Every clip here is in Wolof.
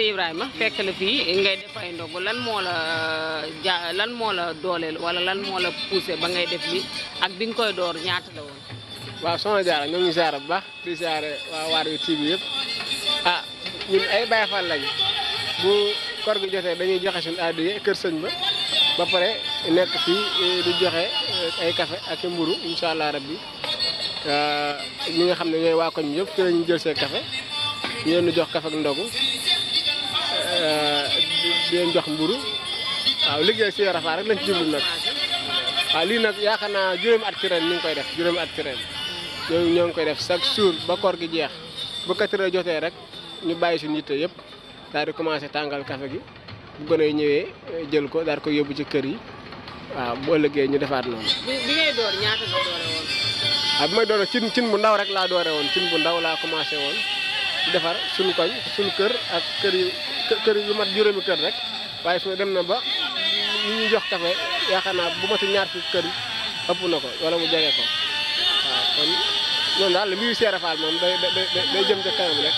Ibrahima fekk la fii ngay def ay ndogu lan moo la euh, ja lan moo la dooleel wala lan moo la poussé ba ngay def li ak bi nga koy door ñaata la woon. waaw soxna Diarra ñoom ñu bu baax di ziare waa Waarwi TV yëpp ah ñun ay Baye Fall lañu bu kor gi jotee dañuy joxe suñu addiya kër sëñ ba pare nekk fii eh, di joxe eh, ay kafe ak mburu incha allah rabbi ah, ñi nga xam ne ñooy waa koñ bi yëpp ci la jël see café ñu leen di jox café ak ndogu. di leen jox mburu waaw liggéey si Yoro Faa rek lañ ci jublu nag waaw lii nag yaakaar naa juróomi at ci ren ñu ngi koy def juróomi at ci ñoo ngi koy def chaque jour ba koor gi jeex bu quatre heures jotee rek ñu bàyyi suñu yitte yëpp daal di tàngal café gi bu gën a ñëwee ko daal ko yóbbu ci kër yi waaw boo ëllëgee ñu defaat noonu. bi bi ngay door ñaata nga may doore cin bu ndaw rek laa doore woon cin bu ndaw laa commencé woon. defar suñu koy suñu kër ak kër yu kër yu mat juróomi kër rek waaye fu dem na ba ñu ñuy jox café yaakaar naa bu matu ñaar fi kër ëpp na ko wala mu jege ko waaw kon daal mbiru Seera moom day day jëm ca kanam rek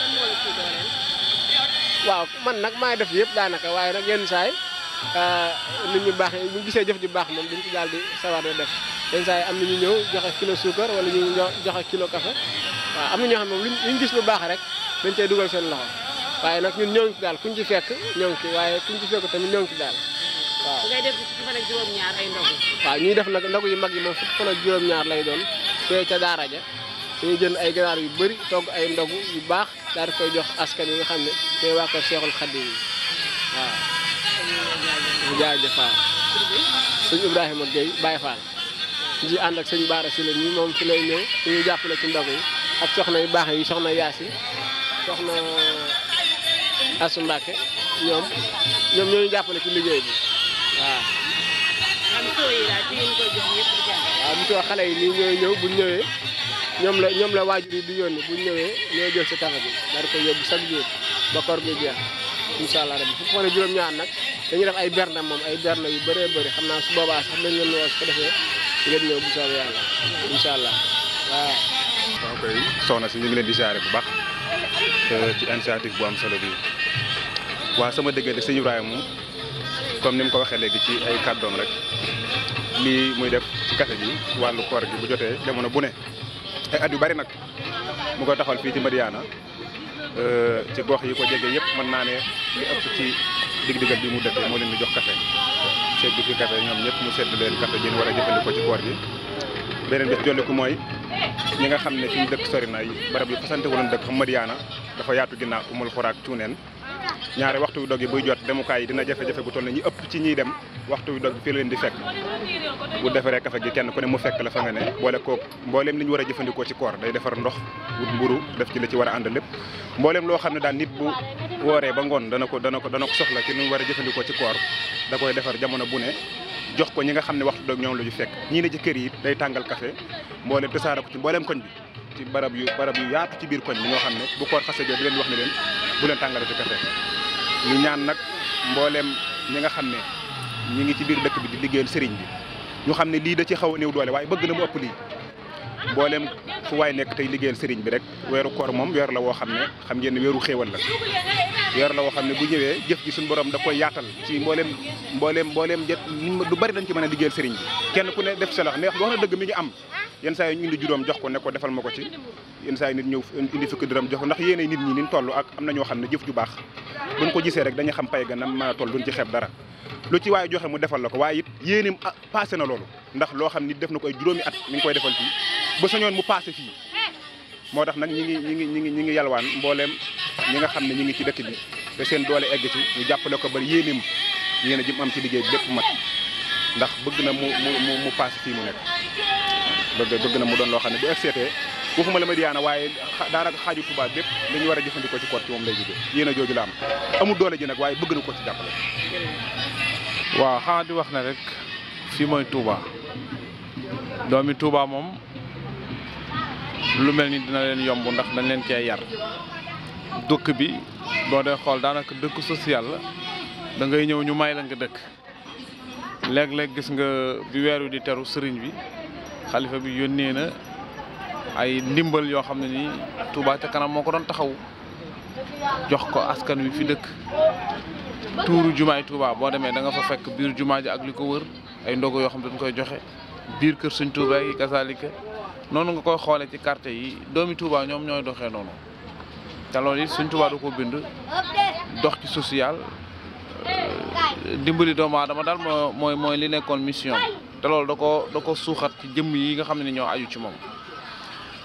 waaw man nag maa def yëpp daanaka waaye nag yenn saay euh, nit ñu baax mu gisee jëf ju baax moom dañ ci daal di sawar def yenn saay am na ñu ñëw joxe kilo suukar wala ñu joxe kilo café waaw am na ñoo xam ne moom gis lu baax rek dañ cey dugal seen loxo waaye nag ñun ñoo ngi daal kuñ ci fekk ñoo ngi waaye kuñ ci fekk tamit ñoo ngi ci daal waaw. def fukki ñuy def nag ndogu yu mag yi moom fukki fan ak juróom-ñaar lay doon fee ca daara ja dañuy jënd ay ganaar yu bëri togg ay ndogu yu baax daal koy jox askan yi xam ne ñooy waa kër yi waaw. jaajëf waaw sëñ Ibrahima Gueye Baye Fall. ànd ak sëñ Baara si la ñi moom fi lay jàppale ci ndogu yi. ak soxna yu baax yi soxna Yaasi soxna Asu Mbàkke ñoom ñoom ñoo ñu jàppale ci liggéey bi waaw. waaw mu xale yi nii ñëw bu ñëwee ñoom la ñoom la waajur yi di yónni bu ñëwee ñooy si taxa bi daal di ko yóbbu chaque jour ba koor gi jeex incha allah rabbi fu mu xoolee juróom-ñaar nag dañu def ay berna moom ay berne yu bëree bëri xam naa su boobaa sax dañ leen woo su ko defee ngeen ñëw bu soobee yàlla incha allah waa waaw kay soxna si ñu ngi leen di saare bu baax euh, ci initiative bu am solo bi waa sama diggante sëñ Ibrahima comme ni mu ko waxee léegi ci ay kàddoom rek lii muy def ci kase bi wàllu koor gi bu jotee jamono bu ne ay at yu bari nag mu ko taxawal fii ci Madiyana euh, ci gox yi ko jege yëpp mën naa ne li ëpp ci dig-digal bi mu dëkkee moo leen di jox café seet bi fi café ñoom ñëpp mu sedd leen café jën war a jëfandikoo ci koor gi beneen bés jolliku mooy ñi nga xam ne fi ñu dëkk sori na barab yu fasante wala dëkk xam Madiyana dafa yaatu ginnaaw umul xuraak cuuneen ñaare waxtu yu dog yi buy jot demukaay yi dina jafe-jafe bu toll ne ñi ëpp ci ñiy dem waxtu yu dog fii la leen di fekk bu defaree kafe gi kenn ku ne mu fekk la fa ne boole koo mbooleem li war a jëfandikoo ci koor day defar ndox mburu def ci la ci war a ànd lépp mbooleem loo xam ne daan nit bu wooree ba ngoon dana ko dana ko dana ko soxla ci ñu war a jëfandikoo ci koor da koy defar jamono bu ne jox ko ñi nga xam ne waxtu doog ñoom la ñu fekk ñii ne ci kër yi day tàngal kafe mboolem tasaare ko ci mboolem koñ bi ci barab yu barab yu yaatu ci biir koñ bi ñoo xam ne bu koor xasee jot di leen wax ne leen bu leen tàngalati kafe ñu ñaan nag mboolem ñi nga xam ne ñi ngi ci biir dëkk bi di liggéeyal sëriñ bi ñu xam ne lii da ci xaw a néew doole waaye bëgg na mu ëpp lii mboolem fu waay nekk tey liggéeyal sëriñ bi rek weeru koor moom weer la woo xam ne xam ngeen ne weeru xéewal la weer la woo xam ne bu ñëwee jëf ji suñu borom da koy yaatal ci mbooleem mbooleem mbooleem jët lu bari dañ ci mën a liggéeyal sëriñ kenn ku ne def sa lox ne wax dëgg mi ngi am yenn saa yi ñu indi juróom jox ko ne ko defal ma ko ci yenn saa yi nit ñëw indi fukki dërëm jox ko ndax yéene nit ñi ni toll ak am na ñoo xam ne jëf ju baax buñ ko gisee rek dañu xam pay ganam mën a toll duñ ci xeeb dara lu ci waaye joxe mu defal la ko waaye it yéeneem passé na loolu ndax loo xam nit def na ko ay juróomi at mi ngi koy defal fii ba sañoon mu passé fii moo tax nag ñi ngi ñi ngi ñi ngi ñi ngi yalwaan mbooleem ñi nga xam ne ñi ngi ci dëkk bi te seen doole egg ci ñu jàppale ko ba yéeneem yéene ji mu ci liggéey bi lépp mat ndax bëgg na mu mu mu passé fii mu nekk bëgg bëgg na mu doon loo xam ne bu egseetee waxuma la Madiyana waaye daanaka xaaju Touba bépp li ñu war a jëfandikoo ci koor ci moom lay jóge yéen a jooju la am amul doole ji nag waaye bëgg na ko ci jàppale waaw xanaa di wax ne rek fii mooy Touba doomi Touba moom lu mel ni dina leen yomb ndax dañ leen cee yar dëkk bi boo dee xool daanaka dëkk social la da ñëw ñu may la nga dëkk léeg-léeg gis nga bi weer wi di teru sëriñ bi xalifa bi yónnee na ay ndimbal yoo xam ne nii Touba ca kanam moo ko doon taxaw jox ko askan wi fi dëkk tuuru jumaay Touba boo demee danga nga fa fekk biir jumaa ji ak li ko wër ay ndogo yoo xam ne dañ koy joxe biir kër suñ Touba yi kasaalika noonu nga koy xoolee ci quartier yi doomi Touba ñoom ñooy doxe noonu te loolu it suñ Touba da ko bind dox ci social dimbali doomu aadama daal mooy mooy li nekkoon mission te loolu da ko da ko suuxat ci jëmm yi nga xam ne ni ñoo aju ci moom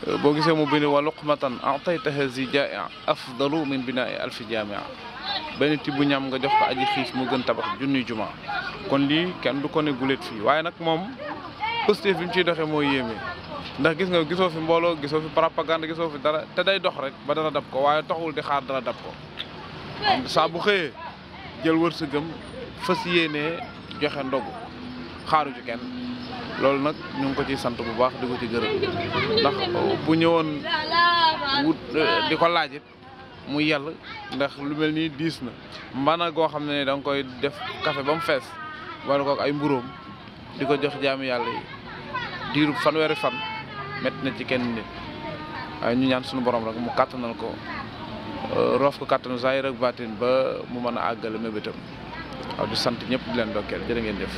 euh, boo gisee mu bind wa luqmatan ataytaha zi jaa'i afdalu min binaa'i alfi jaamia benn tibb ñam nga jox ko aji xiif mu gën tabax junni jumaa kon lii kenn du ko ne guléet fii waaye nag moom positif bi mu ciy doxee mooy yéeme ndax gis nga gisoo fi mbooloo gisoo fi propagande gisoo fi dara te day dox rek ba dara dab ko waaye taxul di xaar dara dab ko saa bu xëyee jël wër wërsëgam fës yéene joxe ndogu xaaru ci kenn loolu nag ñu ngi ko ciy sant bu baax di ci gërëm ndax bu ñëwoon wut eh, di ko laajit mu yàlla ndax lu mel ni diis na mbana goo xam ne da nga koy def kafe ba mu fees wala ko ay mburoom di ko jox jaamu yàlla diiru fanweeri fan métti na ci kenn nit waaye ñu ñaan suñu borom rek mu kàttanal ko eh, roof ko kàttanu zaahir ak baatin ba mu mën a àggale mébétam waaw di sant ñëpp di leen dokkeel jërë ngeen jëf.